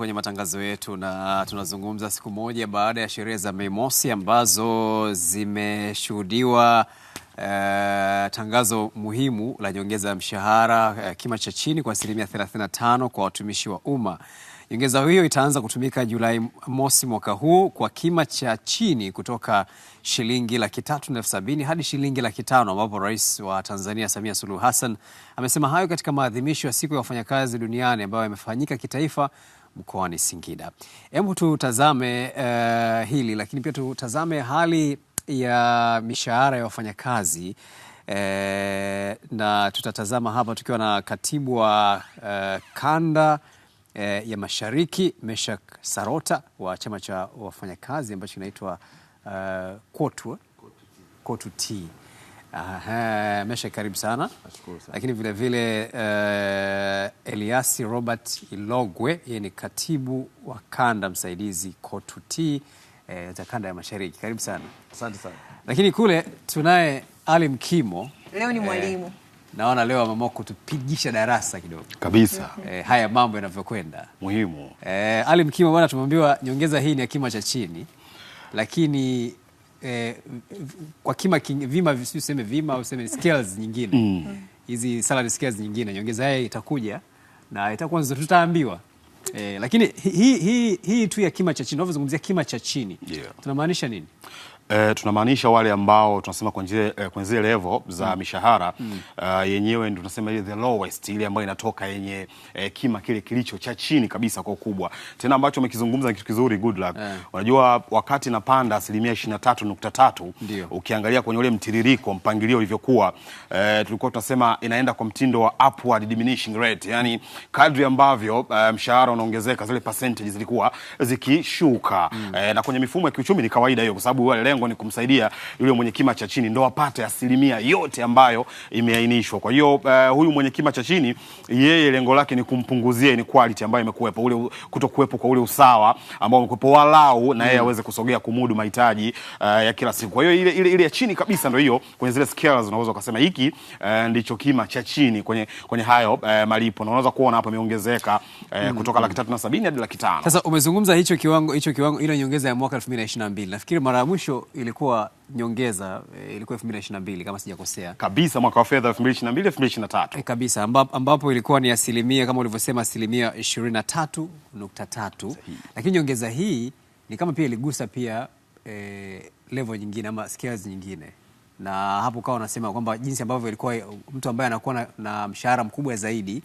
kwenye matangazo yetu na tunazungumza siku moja baada ya sherehe za Mei Mosi ambazo zimeshuhudiwa uh, tangazo muhimu la nyongeza ya mshahara uh, kima cha chini kwa asilimia 35 kwa watumishi wa umma. Nyongeza hiyo itaanza kutumika Julai mosi mwaka huu kwa kima cha chini kutoka shilingi laki tatu na elfu sabini hadi shilingi laki tano ambapo Rais wa Tanzania Samia Suluhu Hassan amesema hayo katika maadhimisho ya siku ya wafanyakazi duniani ambayo yamefanyika kitaifa mkoani Singida. Hebu tutazame uh, hili lakini pia tutazame hali ya mishahara ya wafanyakazi uh, na tutatazama hapa tukiwa na katibu wa uh, kanda uh, ya Mashariki Meshak Sarota wa chama cha wafanyakazi ambacho kinaitwa uh, KOTU -T. Aha, Mesha karibu sana. Nashukuru sana. Lakini vile vile uh, Eliasi Robert Ilogwe yeye ni katibu wa kanda msaidizi COTUT eh, za kanda ya Mashariki. Karibu sana. Asante sana. Lakini kule tunaye Ali Mkimo. Leo ni eh, mwalimu. Eh, naona leo ameamua kutupigisha darasa kidogo. Kabisa. Eh, haya mambo yanavyokwenda. Muhimu. Eh, Ali Mkimo bwana, tumeambiwa nyongeza hii ni ya kima cha chini. Lakini Eh, kwa kima king, vima useme vima useme scales nyingine mm. hizi mm. salary scales nyingine nyongeza haya itakuja na itakuwa tutaambiwa e, lakini hii hi, hi, hi tu ya kima cha chini unavyozungumzia kima cha chini yeah. tunamaanisha nini? e, tunamaanisha wale ambao tunasema kwenye eh, kwenye level za mm. mishahara mm. Uh, yenyewe ndio tunasema ile the lowest ile ambayo inatoka yenye eh, kima kile kilicho cha chini kabisa kwa ukubwa. Tena ambacho umekizungumza kitu kizuri good luck. Yeah. Unajua wakati napanda asilimia 23.3 ukiangalia kwenye ule mtiririko mpangilio ulivyokuwa, eh, tulikuwa tunasema inaenda kwa mtindo wa upward diminishing rate, yani kadri ambavyo eh, mshahara unaongezeka zile percentage zilikuwa zikishuka mm. Eh, na kwenye mifumo ya kiuchumi ni kawaida hiyo kwa sababu wale lengo ni kumsaidia yule mwenye kima cha chini ndo apate asilimia yote ambayo imeainishwa. Kwa hiyo uh, huyu mwenye kima cha chini yeye lengo lake ni kumpunguzia inequality ambayo imekuwepo, ule kutokuwepo kwa ule usawa ambao umekuwepo, walau na yeye mm. aweze kusogea kumudu mahitaji uh, ya kila siku. Kwa hiyo ile, ile, ile ya chini kabisa ndo hiyo kwenye zile scales unaweza ukasema hiki uh, ndicho kima cha chini kwenye, kwenye hayo uh, malipo na unaweza kuona hapa imeongezeka uh, mm. kutoka laki tatu na sabini hadi laki tano. Sasa umezungumza hicho kiwango hicho kiwango ile nyongeza ya mwaka 2022 nafikiri mara ya mwisho ilikuwa nyongeza, eh, ilikuwa 2022 kama sijakosea kabisa, mwaka wa fedha 2022 2023 e, kabisa, ambapo ambapo ilikuwa ni asilimia kama ulivyosema, asilimia 23.3, lakini nyongeza hii ni kama pia iligusa pia e, level nyingine ama scales nyingine na hapo kawa wanasema kwamba jinsi ambavyo ilikuwa eh, mtu ambaye anakuwa na, na mshahara mkubwa zaidi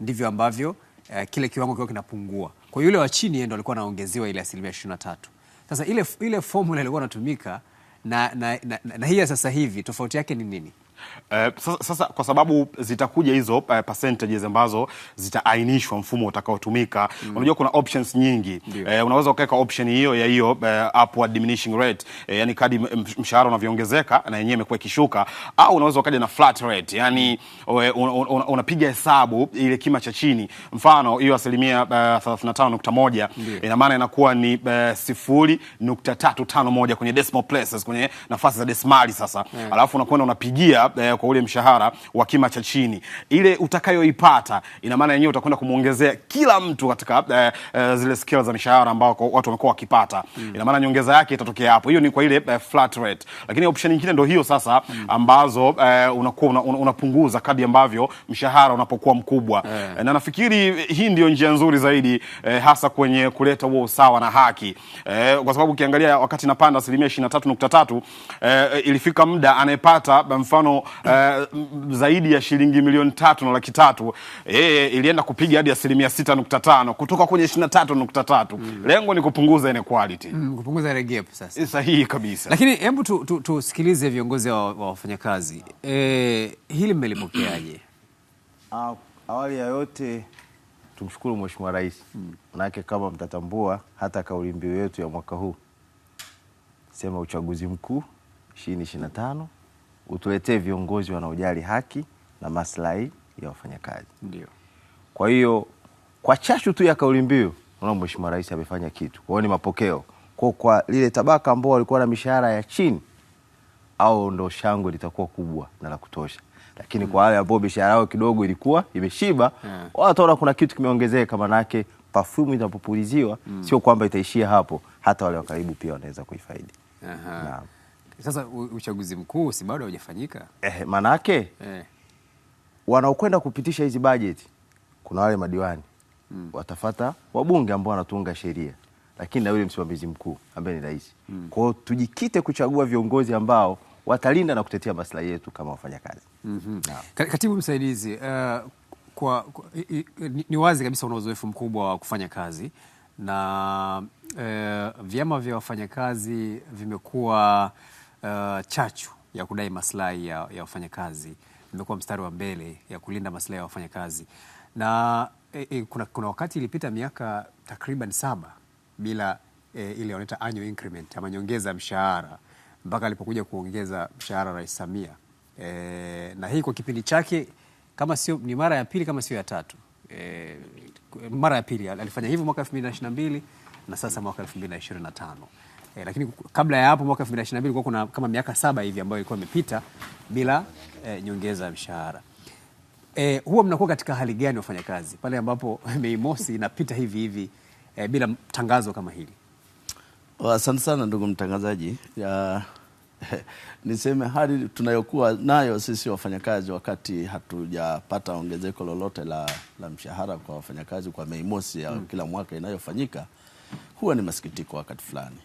ndivyo ambavyo e, kile kiwango kiwa kinapungua. Kwa yule wa chini ndo alikuwa anaongezewa ile asilimia 23. Sasa ile, ile formula ilikuwa inatumika na, na, na, na, na hii ya sasa hivi tofauti yake ni nini? Eh, sasa, sasa kwa sababu zitakuja hizo uh, percentages ambazo zitaainishwa mfumo utakaotumika. Mm. Unajua kuna options nyingi. uh, unaweza ukaweka option hiyo ya hiyo uh, upward diminishing rate uh, yani kadi mshahara unavyoongezeka na yenyewe imekuwa ikishuka, au unaweza ukaja na flat rate, yani unapiga una hesabu ile kima cha chini, mfano hiyo asilimia uh, 35.1 ina maana inakuwa ni uh, 0.351 kwenye decimal places, kwenye nafasi za desimali sasa. yeah. Alafu unakwenda unapigia eh, kwa ule mshahara wa kima cha chini, ile utakayoipata ina maana yenyewe utakwenda kumwongezea kila mtu katika eh, eh, zile skills za mshahara ambao watu wamekuwa wakipata mm. Ina maana nyongeza yake itatokea hapo. Hiyo ni kwa ile eh, flat rate, lakini option nyingine ndio hiyo sasa hmm. ambazo eh, unakuwa una, una, unapunguza kadi ambavyo mshahara unapokuwa mkubwa yeah. Eh, na nafikiri hii ndio njia nzuri zaidi eh, hasa kwenye kuleta huo usawa na haki eh, kwa sababu ukiangalia wakati napanda asilimia 23.3 eh, eh, ilifika muda anayepata mfano uh, zaidi ya shilingi milioni tatu na laki tatu yeye ilienda kupiga hadi asilimia sita nukta tano kutoka kwenye ishirini na tatu nukta tatu mm. Lengo ni kupunguza inequality mm, kupunguza ile gap sasa. Sahihi kabisa, lakini hebu tusikilize tu, tu viongozi wa, wa wafanyakazi e, hili mmelipokeaje? Awali ya yote tumshukuru Mheshimiwa Rais, mm. manake kama mtatambua hata kauli mbiu yetu ya mwaka huu sema uchaguzi mkuu ishirini ishirini na tano utuletee viongozi wanaojali haki na maslahi ya wafanyakazi. Ndio. Kwa hiyo kwa chashu tu ya kauli mbiu naona Mheshimiwa Rais amefanya kitu. Kwa hiyo ni mapokeo. Kwa kwa lile tabaka ambao walikuwa na mishahara ya chini au ndo shangwe litakuwa kubwa na la kutosha. Lakini mm. kwa wale ambao mishahara yao kidogo ilikuwa imeshiba, yeah. wataona kuna kitu kimeongezeka manake perfume itapopuliziwa mm. sio kwamba itaishia hapo, hata wale wa karibu pia wanaweza kuifaidi. Aha. Naam. Sasa uchaguzi mkuu si bado haujafanyika eh, manake eh, wanaokwenda kupitisha hizi bajeti kuna wale madiwani mm, watafata wabunge ambao wanatunga sheria, lakini na yule msimamizi mkuu ambaye ni rais mm. Kwa tujikite kuchagua viongozi ambao watalinda na kutetea maslahi yetu kama wafanyakazi mm -hmm. Katibu msaidizi uh, kwa, kwa, ni, ni wazi kabisa una uzoefu mkubwa wa kufanya kazi na uh, vyama vya wafanyakazi vimekuwa uh, chachu ya kudai maslahi ya, ya wafanyakazi imekuwa mstari wa mbele ya kulinda maslahi ya wafanyakazi na e, e, kuna, kuna wakati ilipita miaka takriban saba bila e, ile wanaita annual increment ama nyongeza mshahara mpaka alipokuja kuongeza mshahara Rais Samia e, na hii kwa kipindi chake kama sio ni mara ya pili kama sio ya tatu e, mara ya pili alifanya hivyo mwaka 2022 na sasa mwaka 2025 eh, lakini kabla ya hapo mwaka 2022 kulikuwa kuna kama miaka saba hivi ambayo ilikuwa imepita bila eh, nyongeza ya mshahara. Eh, huwa mnakuwa katika hali gani wafanyakazi pale ambapo Mei Mosi inapita hivi hivi eh, bila tangazo kama hili? Asante sana ndugu mtangazaji. ya, niseme hali tunayokuwa nayo sisi wafanyakazi wakati hatujapata ongezeko lolote la, la mshahara kwa wafanyakazi kwa Mei Mosi ya mm. kila mwaka inayofanyika huwa ni masikitiko wakati fulani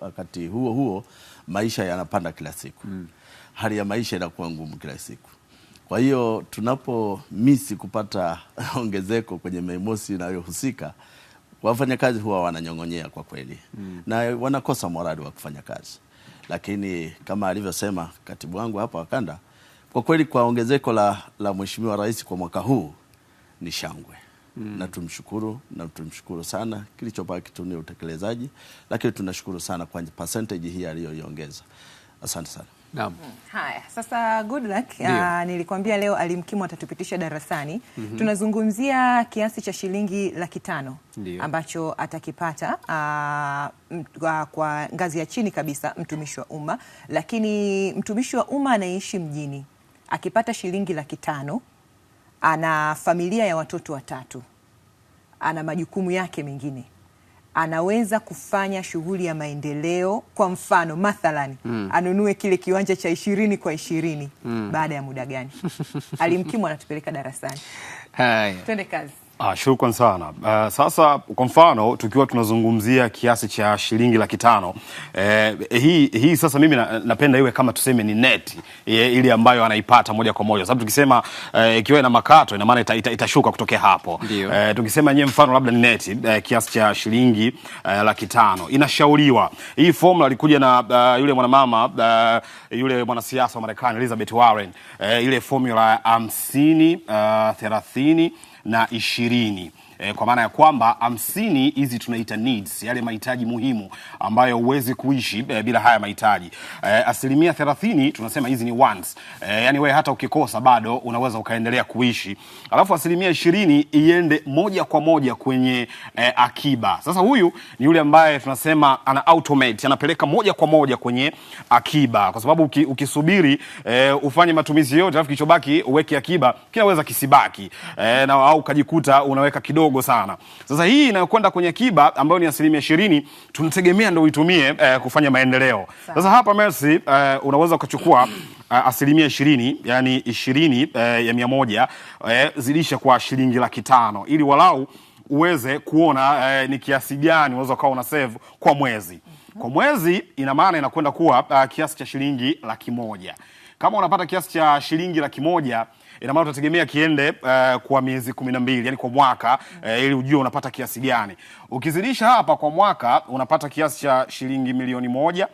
wakati huo huo maisha yanapanda kila siku mm. hali ya maisha inakuwa ngumu kila siku. Kwa hiyo tunapo misi kupata ongezeko kwenye Mei Mosi inayohusika, wafanyakazi huwa wananyong'onyea kwa kweli mm. na wanakosa morali wa kufanya kazi, lakini kama alivyosema katibu wangu hapa wakanda kwa kweli kwa ongezeko la, la Mheshimiwa Rais kwa mwaka huu ni shangwe mm. na tumshukuru na tumshukuru sana. Kilichobaki tu ni utekelezaji, lakini tunashukuru sana kwa percentage hii aliyoiongeza. Asante sana. Naam. Haya, sasa good luck. Uh, nilikwambia leo alimkimu atatupitisha darasani. mm -hmm. Tunazungumzia kiasi cha shilingi laki tano ambacho atakipata uh, kwa ngazi ya chini kabisa mtumishi wa umma, lakini mtumishi wa umma anaishi mjini akipata shilingi laki tano ana familia ya watoto watatu ana majukumu yake mengine, anaweza kufanya shughuli ya maendeleo. Kwa mfano mathalani, mm. anunue kile kiwanja cha ishirini kwa ishirini mm. baada ya muda gani? Alimkimu anatupeleka darasani. twende kazi. Ah, shukran sana. Uh, sasa kwa mfano tukiwa tunazungumzia kiasi cha shilingi laki tano eh, hii hii sasa mimi na, napenda iwe kama tuseme ni net eh, ili ambayo anaipata moja kwa moja, sababu tukisema eh, ikiwa ina makato ina maana itashuka ita, ita kutokea hapo eh, tukisema nyewe mfano labda ni net eh, kiasi cha shilingi eh, laki tano inashauriwa. Hii formula ilikuja na uh, yule mwanamama uh, yule mwanasiasa wa Marekani Elizabeth Warren eh, ile formula 50 uh, 30 na ishirini e, kwa maana ya kwamba hamsini hizi tunaita needs, yale mahitaji muhimu ambayo huwezi kuishi e, bila haya mahitaji e, asilimia thelathini tunasema hizi ni wants e, yani wewe hata ukikosa bado unaweza ukaendelea kuishi, alafu asilimia ishirini iende moja kwa moja kwenye e, akiba. Sasa huyu ni yule ambaye tunasema ana automate, anapeleka moja kwa moja kwenye akiba, kwa sababu uki, ukisubiri e, ufanye matumizi yote alafu kilichobaki uweke akiba kinaweza kisibaki e, na au ukajikuta unaweka kidogo ndogo sana. Sasa hii inayokwenda kwenye akiba ambayo ni asilimia ishirini tunategemea ndo uitumie eh, kufanya maendeleo. Sasa hapa Mercy, eh, unaweza ukachukua Uh, asilimia ishirini yani ishirini uh, ya mia moja uh, eh, zidisha kwa shilingi laki tano ili walau uweze kuona uh, ni kiasi gani unaweza ukawa una save kwa mwezi. Kwa mwezi ina maana inakwenda kuwa uh, kiasi cha shilingi laki moja. Kama unapata kiasi cha shilingi laki moja ina maana utategemea kiende uh, kwa miezi kumi na mbili yani kwa mwaka uh, ili ujue unapata kiasi gani. Ukizidisha hapa kwa mwaka unapata kiasi cha shilingi milioni moja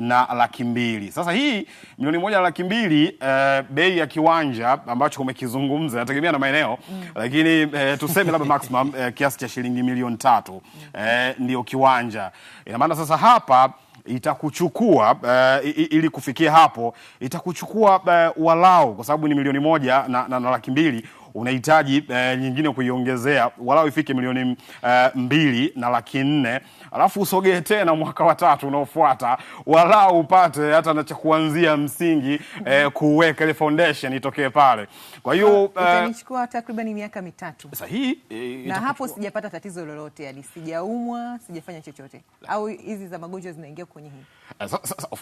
na laki mbili. Sasa hii milioni moja na laki mbili uh, bei ya kiwanja ambacho umekizungumza nategemea na maeneo mm. Lakini uh, tuseme labda maximum uh, kiasi cha shilingi milioni tatu uh, ndio kiwanja. Ina maana sasa hapa itakuchukua uh, ili kufikia hapo itakuchukua uh, walau kwa sababu ni milioni moja na, na, na laki mbili unahitaji eh, nyingine kuiongezea walau ifike milioni eh, mbili na laki nne alafu usogee tena mwaka wa tatu unaofuata walau upate hata na cha kuanzia msingi eh, mhm. kuweka ile foundation itokee pale. Kwa hiyo ah, eh, utanichukua takriban miaka mitatu sahihi, eh, na hapo sijapata tatizo lolote, yani sijaumwa, sijafanya chochote, au hizi za magonjwa zinaingia kwenye hii eh,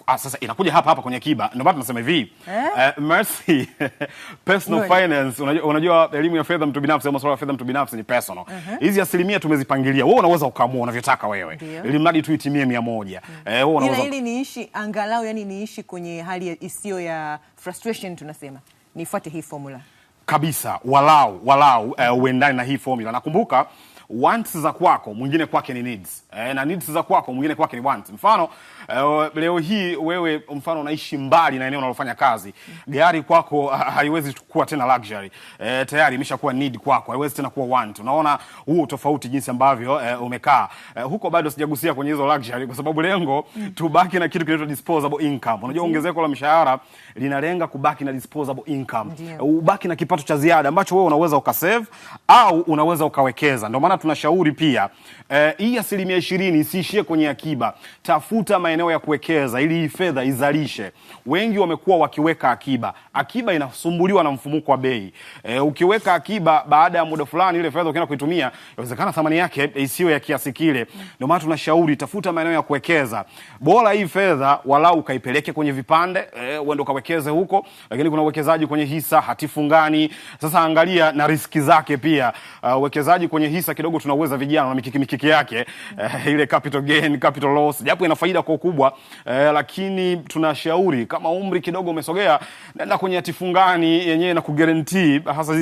ah, sasa inakuja hapa hapa kwenye kiba, Ndio maana tunasema hivi, eh? Uh, Mercy personal finance, unajua elimu ya fedha mtu binafsi au masuala ya fedha mtu binafsi ni personal. Mhm. Hizi uh -huh. asilimia tumezipangilia. Wewe unaweza ukaamua unavyotaka wewe. Ili mradi tu itimie 100. Mm. Eh, wewe unaweza. Ili niishi angalau yani niishi kwenye hali isiyo ya frustration tunasema. Nifuate hii formula. Kabisa, walau walau eh, uendane uh, na hii formula. Nakumbuka wants za kwako, mwingine kwake ni needs eh, na needs za kwako, mwingine kwake ni wants. Mfano eh, leo hii wewe mfano unaishi mbali na eneo unalofanya kazi, gari kwako haiwezi kuwa tena luxury eh, tayari imeshakuwa need kwako, haiwezi tena kuwa want. Unaona huo tofauti jinsi ambavyo eh, umekaa eh, huko. Bado sijagusia kwenye hizo luxury kwa sababu lengo mm. tubaki na kitu kinaitwa disposable income. Unajua ongezeko la mshahara linalenga kubaki na disposable income, ubaki na kipato cha ziada ambacho wewe unaweza ukasave au unaweza ukawekeza, ndio maana tunashauri pia eh, hii asilimia ishirini isiishie kwenye akiba. Tafuta maeneo ya kuwekeza ili hii fedha izalishe. Wengi wamekuwa wakiweka akiba, akiba inasumbuliwa na mfumuko wa bei. Eh, ukiweka akiba, baada ya muda fulani ile fedha ukienda kuitumia, inawezekana thamani yake isiyo ya kiasi kile. Ndio maana tunashauri tafuta maeneo ya kuwekeza, bora hii fedha walau ukaipeleke kwenye vipande eh, uende ukawekeze huko, lakini kuna uwekezaji kwenye hisa hatifungani. Sasa angalia na riski zake pia. Ah, uwekezaji uh, kwenye hisa kidogo kidogo tunaweza vijana na mikiki mikiki yake eh, ile capital gain, capital loss, japo ina faida kwa ukubwa eh, lakini tunashauri kama umri kidogo umesogea, nenda kwenye hati fungani yenyewe na kugarantii hasa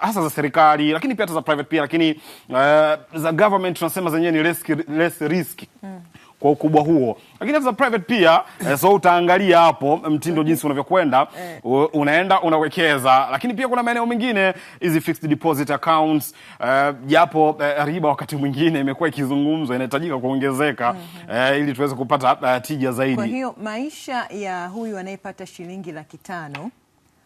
hasa za serikali, lakini pia hata za private pia, lakini eh, za government tunasema zenyewe ni less, less risk mm kwa ukubwa huo, lakini as private pia eh, so utaangalia hapo eh, mtindo jinsi unavyokwenda eh. unaenda unawekeza, lakini pia kuna maeneo mengine hizi fixed deposit accounts eh, japo eh, eh, riba wakati mwingine imekuwa ikizungumzwa inahitajika kuongezeka mm -hmm. eh, ili tuweze kupata eh, tija zaidi. Kwa hiyo maisha ya huyu anayepata shilingi laki tano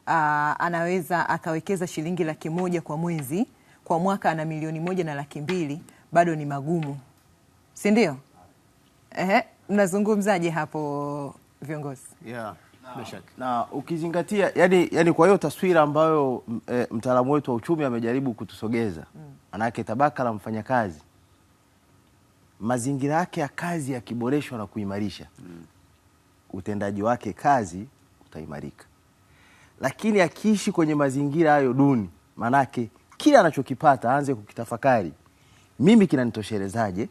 Uh, anaweza akawekeza shilingi laki moja kwa mwezi, kwa mwaka ana milioni moja na laki mbili, bado ni magumu, si ndio? Ehe, mnazungumzaje hapo viongozi? Yeah. No. Na ukizingatia yani, yani kwa hiyo taswira ambayo e, mtaalamu wetu wa uchumi amejaribu kutusogeza mm. manake tabaka la mfanyakazi mazingira yake ya kazi yakiboreshwa na kuimarisha mm. utendaji wake kazi utaimarika, lakini akiishi kwenye mazingira hayo duni, manake kila anachokipata aanze kukitafakari, mimi kinanitoshelezaje?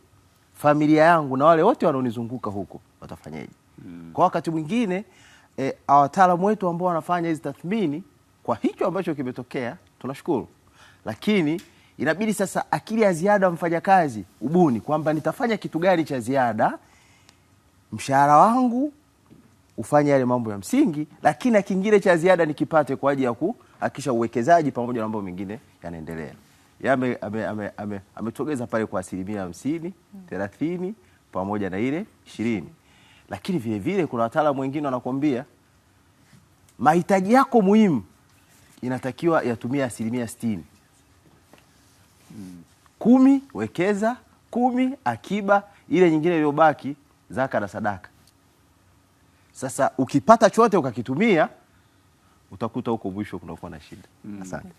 familia yangu na wale wote wanaonizunguka huko watafanyaje? Hmm. Kwa wakati mwingine e, wataalamu wetu ambao wanafanya hizi tathmini kwa hicho ambacho kimetokea tunashukuru, lakini inabidi sasa akili ya ziada mfanyakazi ubuni kwamba nitafanya kitu gani cha ziada, mshahara wangu ufanye yale mambo ya msingi, lakini na kingine cha ziada nikipate kwa ajili ya kuhakikisha uwekezaji pamoja na mambo mengine yanaendelea yeye yaani ame, ametogeza pale kwa asilimia hamsini hmm. thelathini pamoja na ile ishirini lakini vile vile kuna wataalamu wengine wanakwambia mahitaji yako muhimu inatakiwa yatumia asilimia sitini kumi wekeza kumi akiba, ile nyingine iliyobaki zaka na sadaka. Sasa ukipata chote ukakitumia utakuta huko mwisho kunakuwa na shida. Hmm. Asante.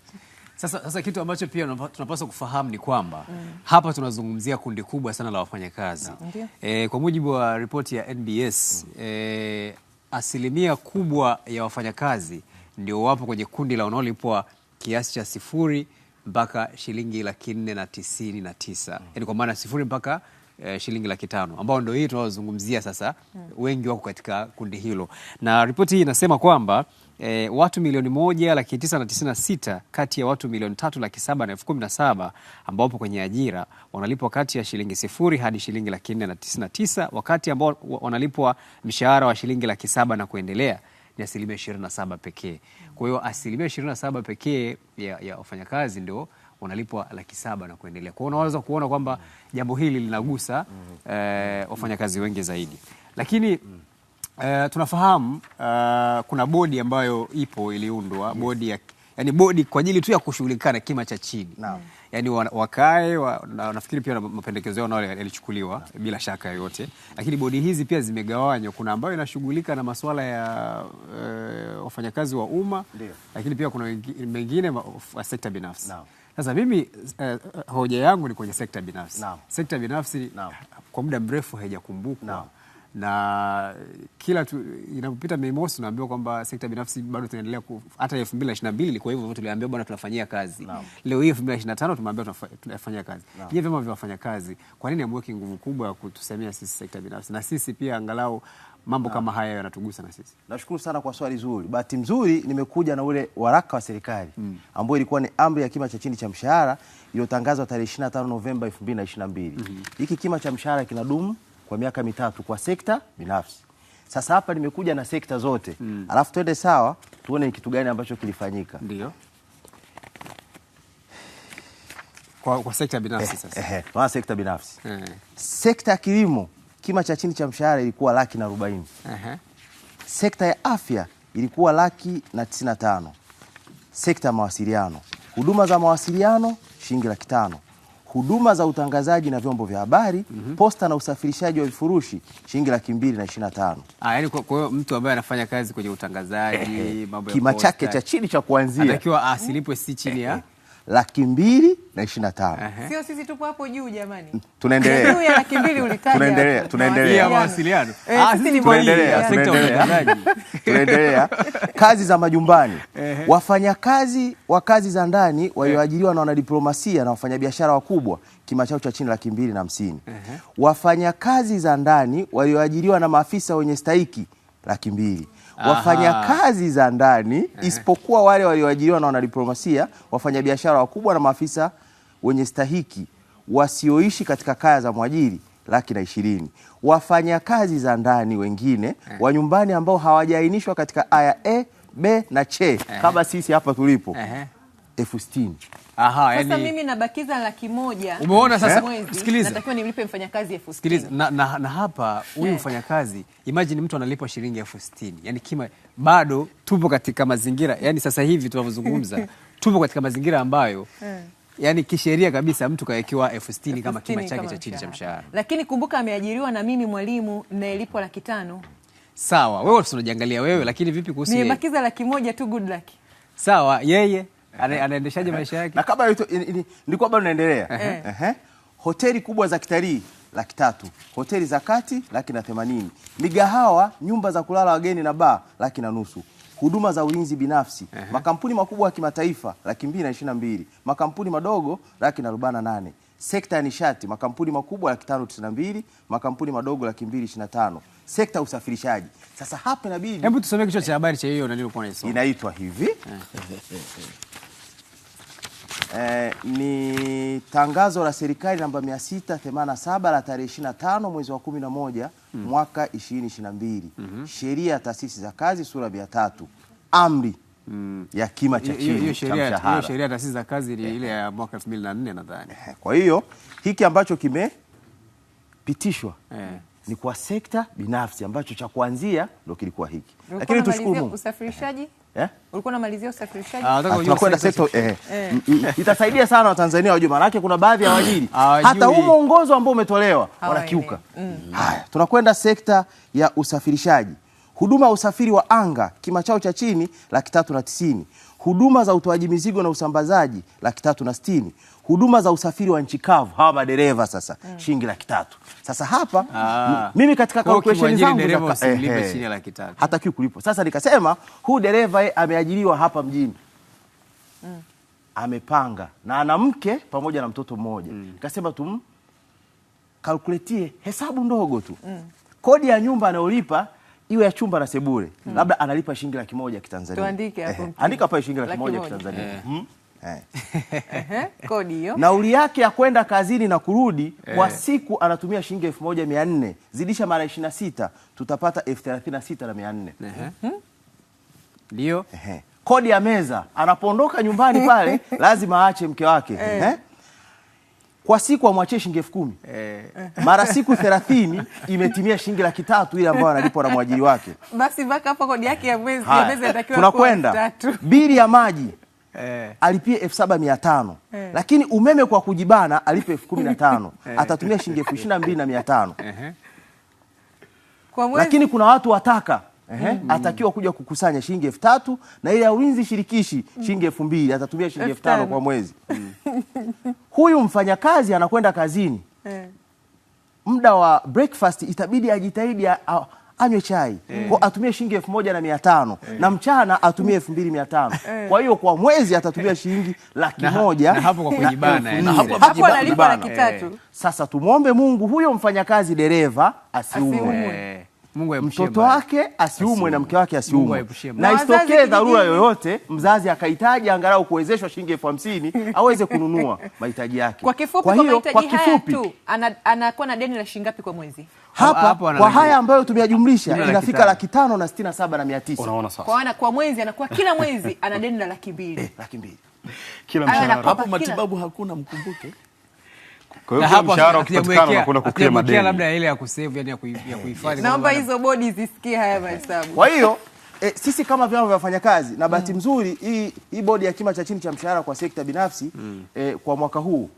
Sasa, sasa kitu ambacho pia tunapaswa kufahamu ni kwamba mm. hapa tunazungumzia kundi kubwa sana la wafanyakazi mm. no. E, eh, kwa mujibu wa ripoti ya NBS mm. Eh, e, asilimia kubwa ya wafanyakazi ndio wapo kwenye kundi la wanaolipwa kiasi cha sifuri mpaka shilingi laki nne na tisini na tisa mm. yani kwa maana sifuri mpaka e, shilingi laki tano ambao ndio hii tunaozungumzia sasa mm. wengi wako katika kundi hilo na ripoti hii inasema kwamba e, watu milioni moja laki tisa na tisini na sita kati ya watu milioni tatu laki saba na elfu kumi na saba ambao wapo kwenye ajira wanalipwa kati ya shilingi sifuri hadi shilingi laki nne na tisini na tisa wakati ambao wanalipwa mshahara wa shilingi laki saba na kuendelea ni asilimia ishirini na saba pekee. Kwa hiyo asilimia ishirini na saba pekee ya, ya wafanyakazi ndio wanalipwa laki saba na kuendelea. Kwa hiyo unaweza kuona kwamba jambo hili linagusa mm -hmm. eh, wafanyakazi wengi zaidi, lakini mm -hmm. Eh, tunafahamu uh, kuna bodi ambayo ipo iliundwa yes. Bodi ya, yani bodi kwa ajili tu ya kushughulikana kima cha chini no. Yani wakae wa, na, nafikiri pia mapendekezo yao nao yalichukuliwa no. Bila shaka yoyote, lakini bodi hizi pia zimegawanywa. Kuna ambayo inashughulika na masuala ya uh, wafanyakazi wa umma, lakini pia kuna mengine wa sekta binafsi no. Sasa mimi uh, hoja yangu ni kwenye sekta binafsi no. Sekta binafsi no. Kwa muda mrefu haijakumbukwa no na kila tu inapopita Mei Mosi tunaambiwa kwamba sekta binafsi bado tunaendelea hata elfu mbili na na mbili ilikuwa hivyo, tuliambiwa bwana tunafanyia kazi no. Leo hii elfu mbili na na tano tumeambiwa tunafanyia kazi no. Je, vyama vya wafanyakazi kwa nini amweki nguvu kubwa ya kutusemea sisi sekta binafsi na sisi pia angalau mambo no. kama haya yanatugusa na sisi. Nashukuru sana kwa swali zuri. Bahati mzuri nimekuja na ule waraka wa serikali mm. ambao ilikuwa ni amri ya kima cha chini cha mshahara iliyotangazwa tarehe 25 Novemba 2022. Mm-hmm. Hiki mm -hmm. kima cha mshahara kinadumu kwa miaka mitatu kwa sekta binafsi. Sasa hapa nimekuja na sekta zote mm. Alafu twende sawa, tuone ni kitu gani ambacho kilifanyika ndio kwa, kwa sekta binafsi eh, sasa eh, eh kwa sekta binafsi eh. Sekta ya kilimo kima cha chini cha mshahara ilikuwa laki na arobaini eh. Sekta ya afya ilikuwa laki na tisini na tano. Sekta ya mawasiliano, huduma za mawasiliano shilingi laki tano huduma za utangazaji na vyombo vya habari mm -hmm. posta na usafirishaji wa vifurushi shilingi laki mbili na ishirini na tano. Ah, yani kwa hiyo mtu ambaye anafanya kazi kwenye utangazaji mambo ya kima chake cha chini cha kuanzia anatakiwa asilipwe si chini ya laki mbili na ishirini na tano. Sio sisi tupo hapo juu jamani, tunaendelea tunaendelea tunaendelea kazi za majumbani. Wafanyakazi wa kazi za ndani eh. walioajiriwa na wanadiplomasia na wafanyabiashara wakubwa kima chao cha chini laki mbili na hamsini. Wafanyakazi za ndani walioajiriwa na maafisa wenye stahiki laki mbili wafanyakazi za ndani isipokuwa wale walioajiriwa na wanadiplomasia, wafanyabiashara wakubwa na maafisa wenye stahiki wasioishi katika kaya za mwajiri laki na ishirini. Wafanyakazi za ndani wengine wa nyumbani ambao hawajaainishwa katika aya e B na che kama sisi hapa tulipo elfu sitini. Aha, sasa yani... mimi nabakiza laki moja. Umeona sasa mwezi. Sikiliza. Natakiwa nimlipe mfanyakazi elfu sitini. Sikiliza. Na, na, na hapa huyu eh. mfanyakazi imagine mtu analipwa shilingi elfu sitini. Yaani kima bado tupo katika mazingira yani sasa hivi tunavyozungumza tupo katika mazingira ambayo eh. yani kisheria kabisa mtu kawekewa elfu sitini kama kima chake cha chini cha mshahara, lakini kumbuka ameajiriwa na mimi mwalimu nayelipwa laki tano. Sawa, wewe tunajiangalia wewe, lakini vipi kuhusu yeye? Nimebakiza laki moja tu, good luck. Sawa, yeye anaendeshaje maisha yake? Na kabla hiyo nilikuwa bado naendelea hoteli kubwa za kitalii laki tatu, hoteli za kati laki na themanini, migahawa, nyumba za kulala wageni na baa laki na nusu, huduma za ulinzi binafsi uh -huh. makampuni makubwa ya kimataifa laki mbili na ishirini na mbili, makampuni madogo laki na arobaini na nane, sekta ya nishati makampuni makubwa laki tano tisini na mbili, makampuni madogo laki mbili ishirini na tano, sekta ya usafirishaji. Sasa hapa inabidi hebu tusomee kichwa cha habari cha hiyo na inaitwa hivi uh -huh. Eh, ni tangazo la serikali namba 687 la tarehe 25 mwezi wa 11 mm. mwaka 2022 mm -hmm. sheria ya taasisi za kazi sura ya tatu amri mm. ya kima cha chini hiyo sheria hiyo ya taasisi za kazi ile ile ya mwaka 2004 nadhani. Eh, kwa hiyo hiki ambacho kimepitishwa eh ni kwa sekta binafsi ambacho cha kuanzia ndo kilikuwa hiki, lakini tushukuru Mungu. Usafirishaji eh? Eh? ulikuwa unamalizia usafirishaji, ah, ah, tunakwenda sekta eh. itasaidia sana Watanzania wajue, maanake kuna baadhi ya ah, waajiri hata huu mwongozo ambao umetolewa wanakiuka. Mm. Haya, tunakwenda sekta ya usafirishaji, huduma ya usafiri wa anga, kima chao cha chini laki tatu na tisini huduma za utoaji mizigo na usambazaji laki tatu na sitini, huduma za usafiri wa nchi kavu hawa madereva sasa mm. shilingi laki tatu. Sasa hapa ah. mimi katika calculation zangu eh, eh, hatakiwi kulipo. Sasa nikasema huu dereva ameajiriwa hapa mjini mm. amepanga na ana mke pamoja na mtoto mmoja mm. nikasema tum kalkuletie hesabu ndogo tu mm. kodi ya nyumba anayolipa iwe ya chumba na sebule hmm. labda analipa shilingi laki moja Kitanzania. Tuandike hapo. Eh, andika pale shilingi laki moja Kitanzania. Eh. Hmm? Kodi hiyo. Nauli yake ya kwenda kazini na kurudi kwa siku anatumia shilingi elfu moja mia nne zidisha mara ishirini na sita tutapata elfu thelathini na sita na mia nne hmm? ndio kodi ya meza anapoondoka nyumbani pale lazima aache mke wake eh. Eh kwa siku amwachie shilingi elfu kumi eh. mara siku thelathini imetimia shilingi laki tatu ile ambayo analipwa na mwajiri wake. Basi mpaka hapo kodi yake ya mwezi ya mwezi inatakiwa tunakwenda bili ya maji Eh. alipie elfu saba mia tano eh. Lakini umeme kwa kujibana alipe elfu kumi na tano eh. Atatumia shilingi elfu ishirini na mbili na mia tano eh. Lakini kuna watu wataka Ehe, mm. atakiwa kuja kukusanya shilingi elfu tatu na ile ya ulinzi shirikishi shilingi elfu mbili atatumia shilingi elfu tano kwa mwezi. Mm. Huyu mfanyakazi anakwenda kazini, eh. muda wa breakfast itabidi ajitahidi anywe chai eh. kwa atumie shilingi elfu moja na mia tano eh. na mchana atumie elfu mbili mia tano Kwa hiyo kwa mwezi atatumia shilingi laki moja na hapo kwa kujibana, na hapo analipa laki Sasa tumwombe Mungu huyo mfanyakazi dereva asiumwe. Mungu mtoto wake asiumwe na mke wake asiumwe, na isitokee dharura yoyote mzazi akahitaji angalau kuwezeshwa shilingi elfu hamsini aweze kununua mahitaji yake. Kwa kifupi, kwa hiyo, kwa kifupi anakuwa na deni la shilingi ngapi kwa mwezi? Hapa kwa haya ambayo tumeyajumlisha inafika laki tano na sitini na saba na mia tisa. Unaona kwa kwa mwezi anakuwa kila mwezi ana deni la laki mbili, eh, laki mbili kila mshahara. Hapo matibabu hakuna, mkumbuke. Kwa hiyo mshahara ukipatikana unakwenda kukia madeni. Labda ile ya kusave yani ya kuhifadhi. Naomba hizo bodi zisikie haya mahesabu. Kwa hiyo E, sisi kama vyama vya wafanyakazi na bahati nzuri hii hii bodi ya kima cha chini cha mshahara kwa sekta binafsi mm. E, kwa mwaka huu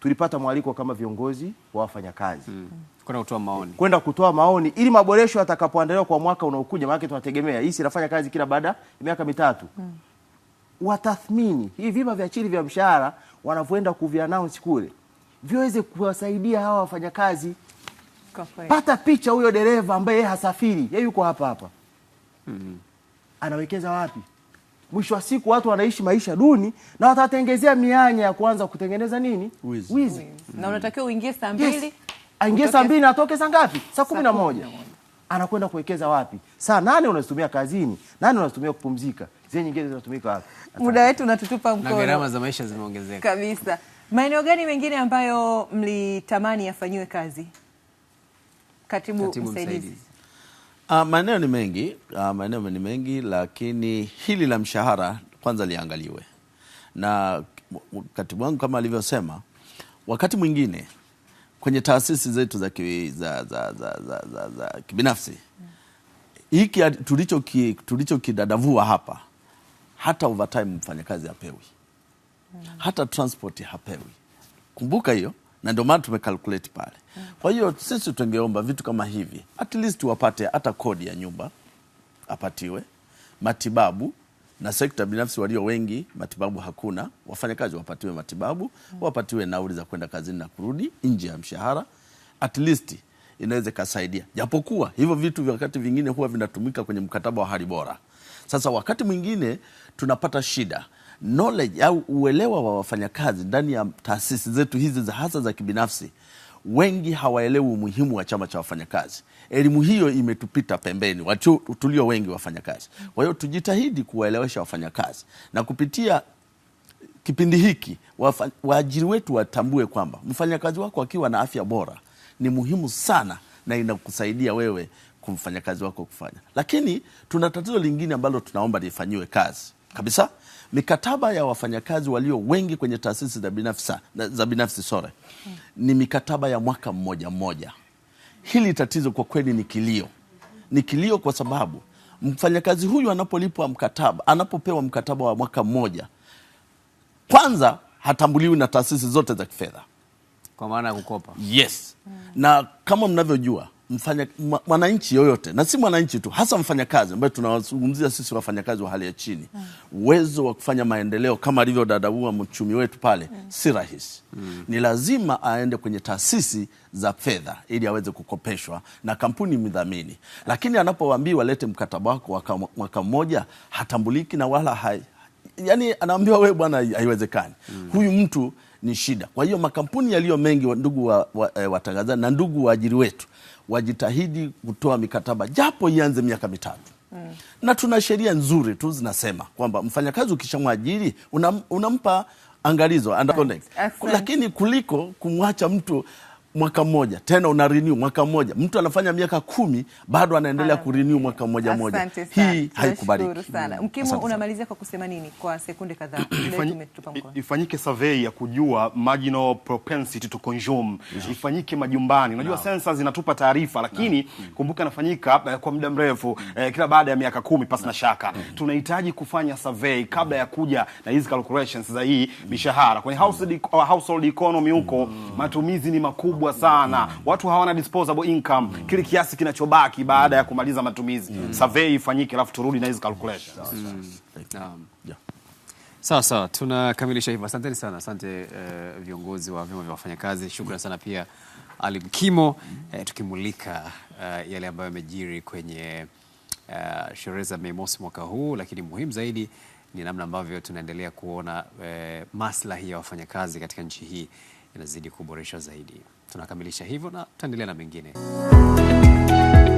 tulipata mwaliko kama viongozi wa wafanyakazi mm. kwenda kutoa maoni, kwenda kutoa maoni ili maboresho yatakapoandaliwa kwa mwaka unaokuja, maana tunategemea hii inafanya kazi kila baada ya miaka mitatu mm. watathmini hii vima vya chini vya mshahara wanavyoenda kuvianounce kule viweze kuwasaidia hawa wafanyakazi. Pata picha huyo dereva ambaye yeye hasafiri, yeye yuko hapa hapa hmm. Anawekeza wapi? Mwisho wa siku watu wanaishi maisha duni na watatengezea mianya ya kuanza kutengeneza nini, wizi, Na unatakiwa uingie saa mbili yes. Aingie saa mbili na atoke saa ngapi? Saa kumi na moja. Anakwenda kuwekeza wapi? Saa nane unazitumia kazini, nane unazitumia kupumzika, zie nyingine zinatumika wapi? Muda wetu unatutupa mkono na gharama za maisha zimeongezeka kabisa. Maeneo gani mengine ambayo mlitamani yafanyiwe kazi, katibu, katibu msaidizi? Uh, maeneo ni mengi uh, maeneo ni mengi lakini hili la mshahara kwanza liangaliwe, na katibu wangu kama alivyosema, wakati mwingine kwenye taasisi zetu za, ki, za, za, za, za, za, za kibinafsi hiki tulichokidadavua tulicho hapa, hata overtime mfanyakazi apewi hata transport hapewi. Kumbuka hiyo, na ndio maana tumekalkulate pale. Kwa hiyo sisi tungeomba vitu kama hivi, at least wapate hata kodi ya nyumba apatiwe, matibabu na sekta binafsi walio wengi matibabu hakuna. Wafanyakazi wapatiwe matibabu, wapatiwe nauli za kwenda kazini na kurudi nje ya mshahara, at least inaweza ikasaidia, japokuwa hivyo vitu wakati vingine huwa vinatumika kwenye mkataba wa hali bora. Sasa wakati mwingine tunapata shida knowledge au uelewa wa wafanyakazi ndani ya taasisi zetu hizi za hasa za kibinafsi, wengi hawaelewi umuhimu wa chama cha wafanyakazi. Elimu hiyo imetupita pembeni, watu tulio wengi wafanyakazi. Kwa hiyo tujitahidi kuwaelewesha wafanyakazi na kupitia kipindi hiki waajiri wetu watambue kwamba mfanyakazi wako akiwa na afya bora ni muhimu sana na inakusaidia wewe kumfanyakazi wako kufanya. Lakini tuna tatizo lingine ambalo tunaomba lifanyiwe kazi kabisa mikataba ya wafanyakazi walio wengi kwenye taasisi za binafsi, za binafsi sore ni mikataba ya mwaka mmoja mmoja. Hili tatizo kwa kweli ni kilio, ni kilio kwa sababu mfanyakazi huyu anapolipwa mkataba, anapopewa mkataba wa mwaka mmoja, kwanza hatambuliwi na taasisi zote za kifedha kwa maana ya kukopa. Yes hmm. na kama mnavyojua mfanya mwananchi yoyote na si mwananchi tu, hasa mfanyakazi ambaye tunawazungumzia sisi wafanyakazi wa hali ya chini, hmm. uwezo wa kufanya maendeleo kama alivyo dadaua mchumi wetu pale mm. si rahisi mm. Ni lazima aende kwenye taasisi za fedha ili aweze kukopeshwa na kampuni mdhamini, lakini anapoambiwa lete mkataba wako mwaka mmoja, hatambuliki na wala hai, yani anaambiwa wewe bwana, haiwezekani mm. huyu mtu ni shida. Kwa hiyo makampuni yaliyo mengi, ndugu wa, wa, eh, wa, na ndugu waajiri wetu wajitahidi kutoa mikataba japo ianze miaka mitatu mm. na tuna sheria nzuri tu zinasema kwamba mfanyakazi ukishamwajiri unampa unampa angalizo right. lakini kuliko kumwacha mtu mwaka mmoja tena una renew mwaka mmoja. Mtu anafanya miaka kumi bado anaendelea kurenew mwaka mmoja moja, hii haikubaliki sana. Mm. Mkimo, unamalizia kwa kusema nini kwa sekunde kadhaa? Ifanyike survey ya kujua marginal propensity to consume yes. Ifanyike majumbani, unajua no. Sensa zinatupa taarifa lakini no. Mm. Kumbuka inafanyika uh, eh, kwa muda mrefu uh, kila baada ya miaka kumi pasi na no. shaka mm. Tunahitaji kufanya survey kabla ya kuja na hizi calculations za hii mishahara kwenye household, e, household economy huko mm. Matumizi ni makubwa kubwa sana mm. Watu hawana disposable income mm. Kile kiasi kinachobaki baada ya kumaliza matumizi mm. Survey ifanyike alafu turudi na hizo calculation mm. um, yeah. Sawa sawa, tunakamilisha hivyo. Asanteni sana, asante uh, viongozi wa vyama vya wafanyakazi, shukran sana pia Ali Mkimo eh, tukimulika uh, yale ambayo yamejiri kwenye uh, sherehe za Mei Mosi mwaka huu, lakini muhimu zaidi ni namna ambavyo tunaendelea kuona eh, maslahi ya wafanyakazi katika nchi hii inazidi kuboresha zaidi. Tunakamilisha hivyo na tutaendelea na mengine.